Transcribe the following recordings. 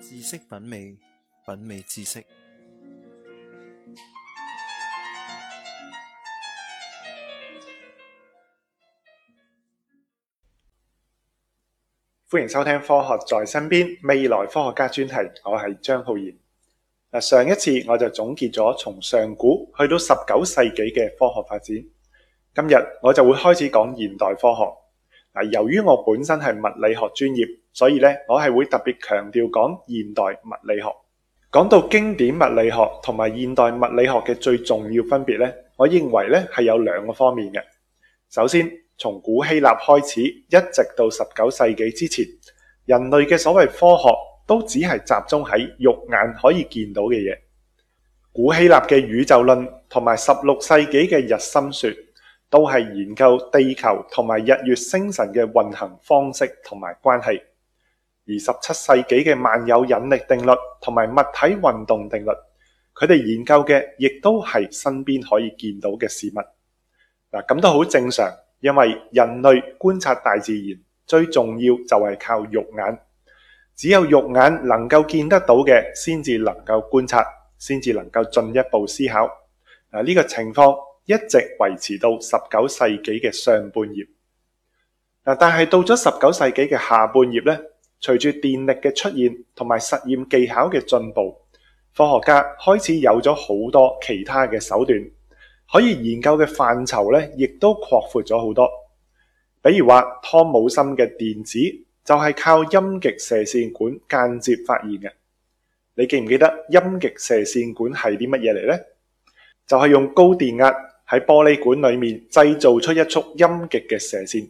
知識品味，品味知識。歡迎收聽《科學在身邊：未來科學家專題》，我係張浩然。嗱，上一次我就總結咗從上古去到十九世紀嘅科學發展，今日我就會開始講現代科學。嗱，由於我本身係物理學專業，所以咧，我係會特別強調講現代物理學。講到經典物理學同埋現代物理學嘅最重要分別咧，我認為咧係有兩個方面嘅。首先，從古希臘開始一直到十九世紀之前，人類嘅所謂科學都只係集中喺肉眼可以見到嘅嘢。古希臘嘅宇宙論同埋十六世紀嘅日心說，都係研究地球同埋日月星辰嘅運行方式同埋關係，而十七世紀嘅萬有引力定律同埋物體運動定律，佢哋研究嘅亦都係身邊可以見到嘅事物。嗱，咁都好正常，因為人類觀察大自然最重要就係靠肉眼，只有肉眼能夠見得到嘅，先至能夠觀察，先至能夠進一步思考。嗱，呢個情況。一直維持到十九世紀嘅上半葉，嗱，但係到咗十九世紀嘅下半葉咧，隨住電力嘅出現同埋實驗技巧嘅進步，科學家開始有咗好多其他嘅手段，可以研究嘅範疇咧，亦都擴闊咗好多。比如話，湯姆森嘅電子就係靠陰極射線管間接發現嘅。你記唔記得陰極射線管係啲乜嘢嚟呢？就係用高電壓。喺玻璃管裏面製造出一束陰極嘅射線，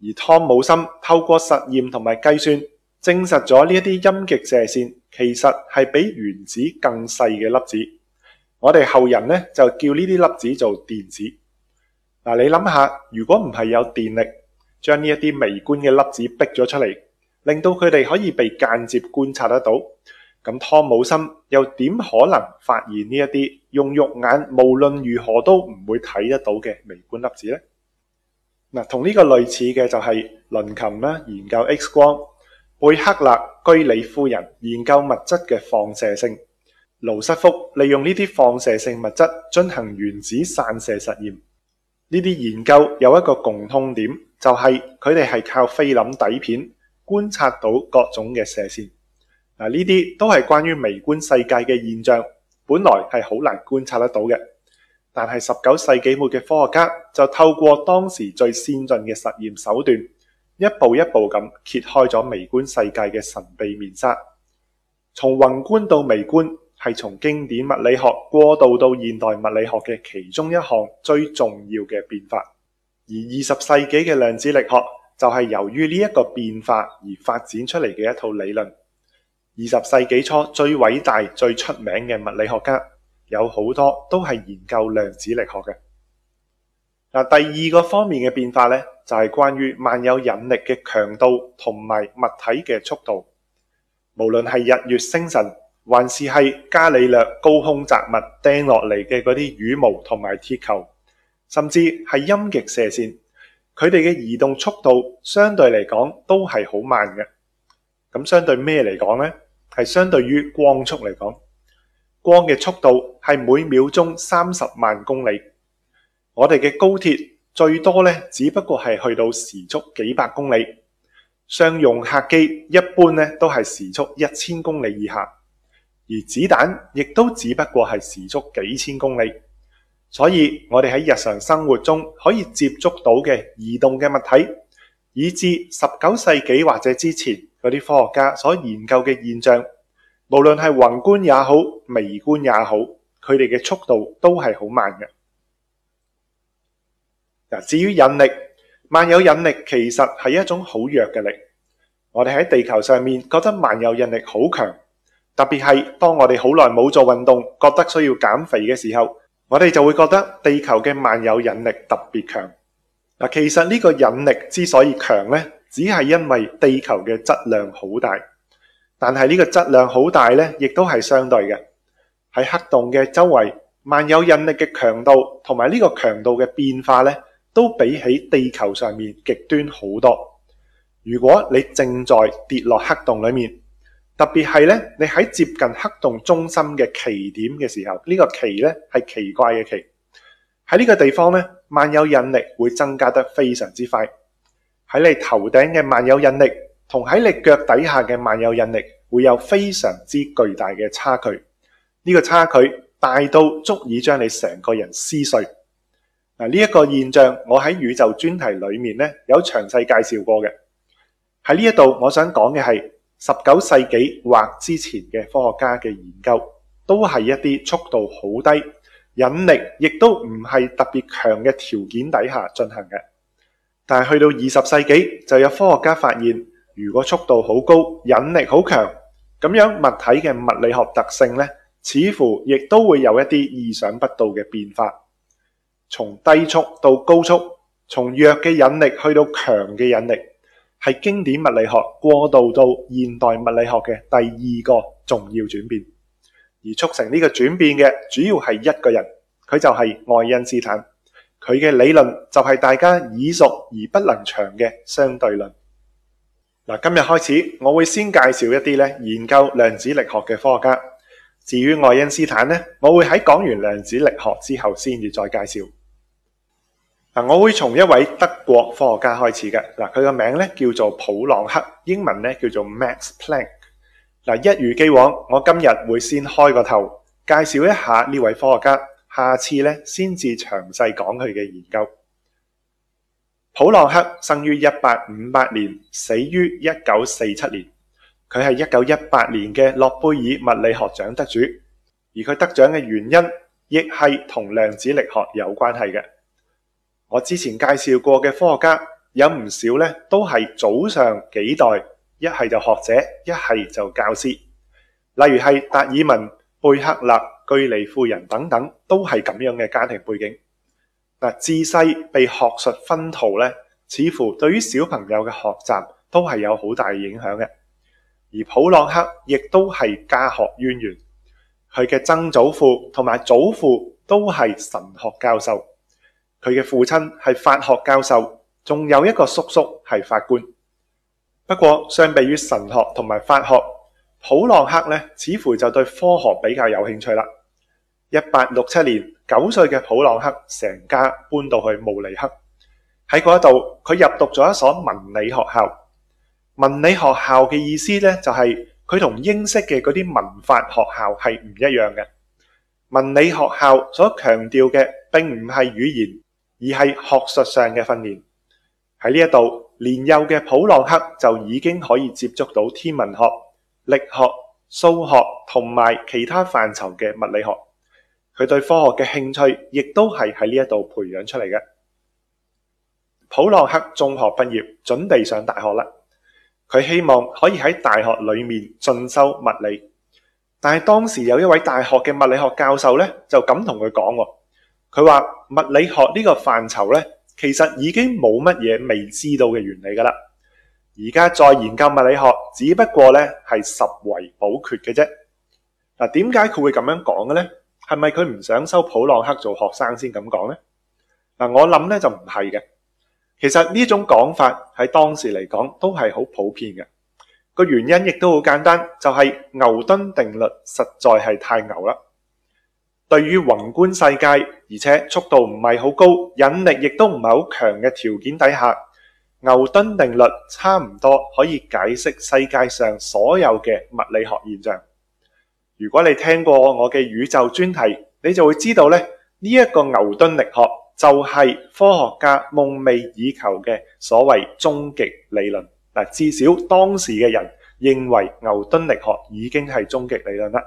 而湯姆森透過實驗同埋計算證實咗呢一啲陰極射線其實係比原子更細嘅粒子。我哋後人呢就叫呢啲粒子做電子。嗱，你諗下，如果唔係有電力將呢一啲微觀嘅粒子逼咗出嚟，令到佢哋可以被間接觀察得到。咁湯姆森又點可能發現呢一啲用肉眼無論如何都唔會睇得到嘅微觀粒子呢？嗱，同呢個類似嘅就係倫琴啦，研究 X 光；貝克勒、居里夫人研究物質嘅放射性；盧瑟福利用呢啲放射性物質進行原子散射實驗。呢啲研究有一個共通點，就係佢哋係靠菲林底片觀察到各種嘅射線。嗱，呢啲都係關於微觀世界嘅現象，本來係好難觀察得到嘅。但係十九世紀末嘅科學家就透過當時最先進嘅實驗手段，一步一步咁揭開咗微觀世界嘅神秘面紗。從宏觀到微觀，係從經典物理學過渡到現代物理學嘅其中一項最重要嘅變化。而二十世紀嘅量子力學就係由於呢一個變化而發展出嚟嘅一套理論。二十世紀初最偉大、最出名嘅物理學家，有好多都係研究量子力學嘅。嗱，第二個方面嘅變化呢，就係關於萬有引力嘅強度同埋物體嘅速度。無論係日月星辰，還是係伽利略高空擲物掟落嚟嘅嗰啲羽毛同埋鐵球，甚至係陰極射線，佢哋嘅移動速度相對嚟講都係好慢嘅。咁相對咩嚟講呢？係相對於光速嚟講，光嘅速度係每秒鐘三十萬公里。我哋嘅高鐵最多咧，只不過係去到時速幾百公里；商用客機一般咧都係時速一千公里以下，而子彈亦都只不過係時速幾千公里。所以，我哋喺日常生活中可以接觸到嘅移動嘅物體，以至十九世紀或者之前，有啲科學家所研究嘅現象，無論係宏觀也好，微觀也好，佢哋嘅速度都係好慢嘅。嗱，至於引力，萬有引力其實係一種好弱嘅力。我哋喺地球上面覺得萬有引力好強，特別係當我哋好耐冇做運動，覺得需要減肥嘅時候，我哋就會覺得地球嘅萬有引力特別強。嗱，其實呢個引力之所以強呢？只係因為地球嘅質量好大，但係呢個質量好大呢，亦都係相對嘅。喺黑洞嘅周圍，萬有引力嘅強度同埋呢個強度嘅變化呢，都比起地球上面極端好多。如果你正在跌落黑洞裏面，特別係呢，你喺接近黑洞中心嘅奇點嘅時候，這個、奇呢個奇呢係奇怪嘅奇。喺呢個地方呢，萬有引力會增加得非常之快。喺你頭頂嘅萬有引力，同喺你腳底下嘅萬有引力，會有非常之巨大嘅差距。呢個差距大到足以將你成個人撕碎。嗱，呢一個現象，我喺宇宙專題裏面咧有詳細介紹過嘅。喺呢一度，我想講嘅係十九世紀或之前嘅科學家嘅研究，都係一啲速度好低、引力亦都唔係特別強嘅條件底下進行嘅。但係去到二十世紀，就有科學家發現，如果速度好高，引力好強，咁樣物體嘅物理學特性呢，似乎亦都會有一啲意想不到嘅變化。從低速到高速，從弱嘅引力去到強嘅引力，係經典物理學過渡到現代物理學嘅第二個重要轉變。而促成呢個轉變嘅主要係一個人，佢就係愛因斯坦。佢嘅理論就係大家耳熟而不能詳嘅相對論。嗱，今日開始，我會先介紹一啲咧研究量子力學嘅科學家。至於愛因斯坦咧，我會喺講完量子力學之後先至再介紹。嗱，我會從一位德國科學家開始嘅。嗱，佢嘅名咧叫做普朗克，英文咧叫做 Max Planck。嗱，一如既往，我今日會先開個頭，介紹一下呢位科學家。下次咧，先至詳細講佢嘅研究。普朗克生於一八五八年，死於一九四七年。佢係一九一八年嘅諾貝爾物理學獎得主，而佢得獎嘅原因亦係同量子力學有關係嘅。我之前介紹過嘅科學家有唔少咧，都係早上幾代，一係就學者，一係就教師。例如係達爾文、貝克勒、居里夫人等等都係咁樣嘅家庭背景嗱，自細被學術熏陶咧，似乎對於小朋友嘅學習都係有好大嘅影響嘅。而普朗克亦都係家學淵源，佢嘅曾祖父同埋祖父都係神學教授，佢嘅父親係法學教授，仲有一個叔叔係法官。不過相比於神學同埋法學，普朗克咧似乎就對科學比較有興趣啦。一八六七年，九歲嘅普朗克成家搬到去慕尼黑。喺嗰一度，佢入讀咗一所文理學校。文理學校嘅意思咧、就是，就係佢同英式嘅嗰啲文法學校係唔一樣嘅。文理學校所強調嘅，並唔係語言，而係學術上嘅訓練。喺呢一度，年幼嘅普朗克就已經可以接觸到天文學、力學、數學同埋其他範疇嘅物理學。佢對科學嘅興趣亦都係喺呢一度培養出嚟嘅。普朗克中學畢業，準備上大學啦。佢希望可以喺大學裏面進修物理，但係當時有一位大學嘅物理學教授呢，就咁同佢講，佢話物理學呢個範疇呢，其實已經冇乜嘢未知道嘅原理噶啦。而家再研究物理學，只不過呢係實為補缺嘅啫。嗱，點解佢會咁樣講嘅呢？係咪佢唔想收普朗克做學生先咁講呢？嗱，我諗呢就唔係嘅。其實呢種講法喺當時嚟講都係好普遍嘅。個原因亦都好簡單，就係牛頓定律實在係太牛啦。對於宏觀世界，而且速度唔係好高，引力亦都唔係好強嘅條件底下，牛頓定律差唔多可以解釋世界上所有嘅物理學現象。如果你聽過我嘅宇宙專題，你就會知道咧呢一個牛頓力學就係科學家夢寐以求嘅所謂終極理論。嗱，至少當時嘅人認為牛頓力學已經係終極理論啦。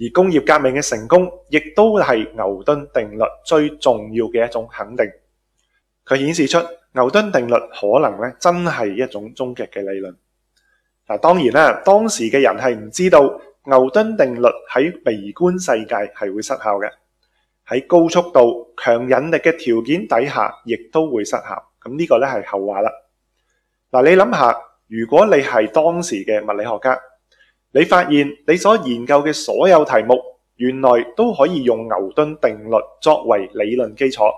而工業革命嘅成功亦都係牛頓定律最重要嘅一種肯定。佢顯示出牛頓定律可能咧真係一種終極嘅理論。嗱，當然啦，當時嘅人係唔知道。牛頓定律喺微觀世界係會失效嘅，喺高速度、強引力嘅條件底下，亦都會失效。咁呢個呢係後話啦。嗱，你諗下，如果你係當時嘅物理學家，你發現你所研究嘅所有題目，原來都可以用牛頓定律作為理論基礎。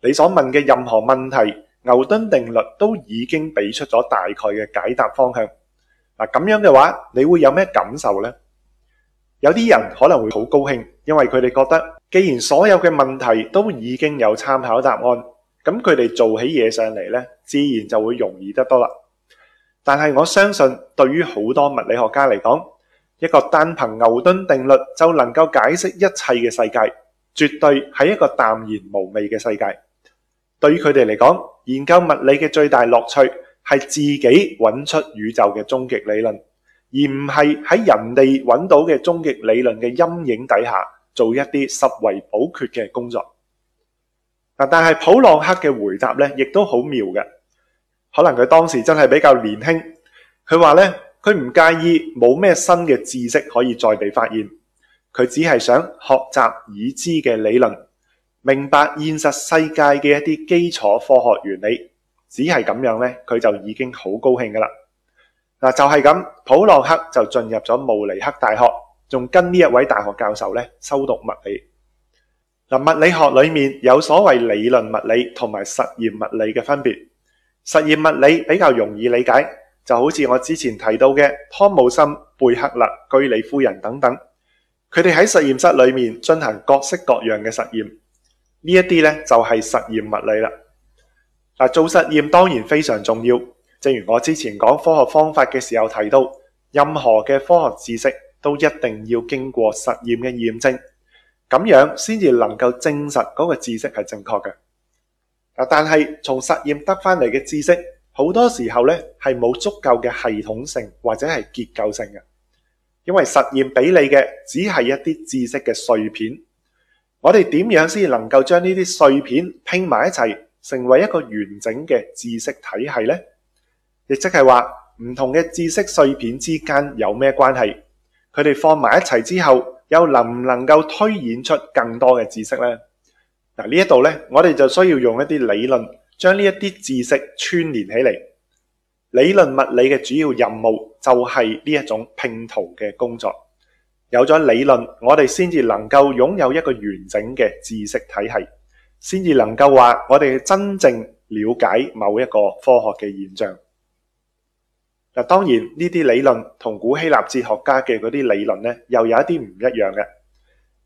你所問嘅任何問題，牛頓定律都已經俾出咗大概嘅解答方向。嗱，咁樣嘅話，你會有咩感受呢？有啲人可能會好高興，因為佢哋覺得既然所有嘅問題都已經有參考答案，咁佢哋做起嘢上嚟呢，自然就會容易得多啦。但係我相信，對於好多物理學家嚟講，一個單憑牛頓定律就能夠解釋一切嘅世界，絕對係一個淡然無味嘅世界。對於佢哋嚟講，研究物理嘅最大樂趣。係自己揾出宇宙嘅終極理論，而唔係喺人哋揾到嘅終極理論嘅陰影底下做一啲拾遺補缺嘅工作。但係普朗克嘅回答咧，亦都好妙嘅。可能佢當時真係比較年輕，佢話咧，佢唔介意冇咩新嘅知識可以再被發現，佢只係想學習已知嘅理論，明白現實世界嘅一啲基礎科學原理。只係咁樣咧，佢就已經好高興㗎喇。嗱，就係咁，普朗克就進入咗慕尼黑大學，仲跟呢一位大學教授咧修讀物理。嗱，物理學裏面有所謂理論物理同埋實驗物理嘅分別。實驗物理比較容易理解，就好似我之前提到嘅湯姆森、貝克勒、居里夫人等等，佢哋喺實驗室裏面進行各式各樣嘅實驗，呢一啲咧就係實驗物理啦。嗱，做實驗當然非常重要，正如我之前講科學方法嘅時候提到，任何嘅科學知識都一定要經過實驗嘅驗證，咁樣先至能夠證實嗰個知識係正確嘅。但係從實驗得翻嚟嘅知識，好多時候呢係冇足夠嘅系統性或者係結構性嘅，因為實驗俾你嘅只係一啲知識嘅碎片。我哋點樣先能夠將呢啲碎片拼埋一齊？成為一個完整嘅知識體系呢，亦即係話唔同嘅知識碎片之間有咩關係？佢哋放埋一齊之後，又能唔能夠推演出更多嘅知識呢？嗱，呢一度呢，我哋就需要用一啲理論將呢一啲知識串聯起嚟。理論物理嘅主要任務就係呢一種拼圖嘅工作。有咗理論，我哋先至能夠擁有一個完整嘅知識體系。先至能夠話我哋真正了解某一個科學嘅現象。嗱，當然呢啲理論同古希臘哲學家嘅嗰啲理論咧，又有一啲唔一樣嘅。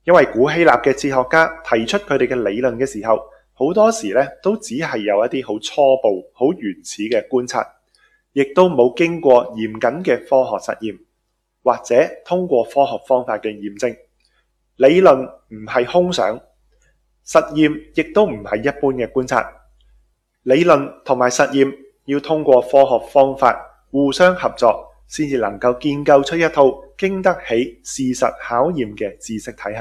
因為古希臘嘅哲學家提出佢哋嘅理論嘅時候，好多時咧都只係有一啲好初步、好原始嘅觀察，亦都冇經過嚴謹嘅科學實驗，或者通過科學方法嘅驗證。理論唔係空想。實驗亦都唔係一般嘅觀察，理論同埋實驗要通過科學方法互相合作，先至能夠建構出一套經得起事實考驗嘅知識體系。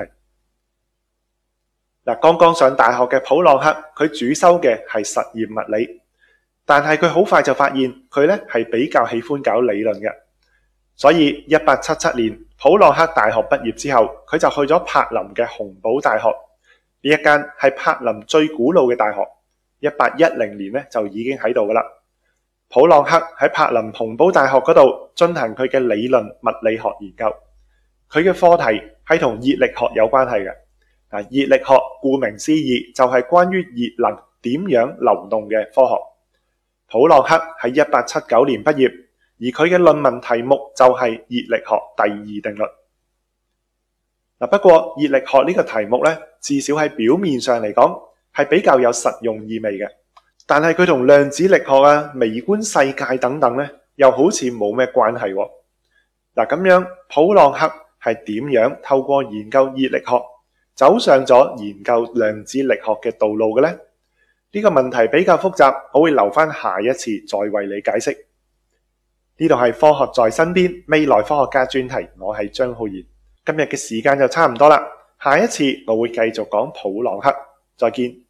嗱，剛剛上大學嘅普朗克，佢主修嘅係實驗物理，但係佢好快就發現佢咧係比較喜歡搞理論嘅，所以一八七七年普朗克大學畢業之後，佢就去咗柏林嘅洪堡大學。呢一間係柏林最古老嘅大學，一八一零年咧就已經喺度噶啦。普朗克喺柏林洪堡大學嗰度進行佢嘅理論物理學研究，佢嘅課題係同熱力學有關係嘅。啊，熱力學顧名思義就係關於熱能點樣流動嘅科學。普朗克喺一八七九年畢業，而佢嘅論文題目就係熱力學第二定律。嗱，不過熱力學呢個題目呢，至少喺表面上嚟講係比較有實用意味嘅，但係佢同量子力學啊、微觀世界等等呢，又好似冇咩關係啊。嗱，咁樣普朗克係點樣透過研究熱力學走上咗研究量子力學嘅道路嘅呢？呢、呢個問題比較複雜，我會留翻下一次再為你解釋。呢度係科學在身邊未來科學家專題，我係張浩然。今日嘅時間就差唔多啦，下一次我會繼續講普朗克，再見。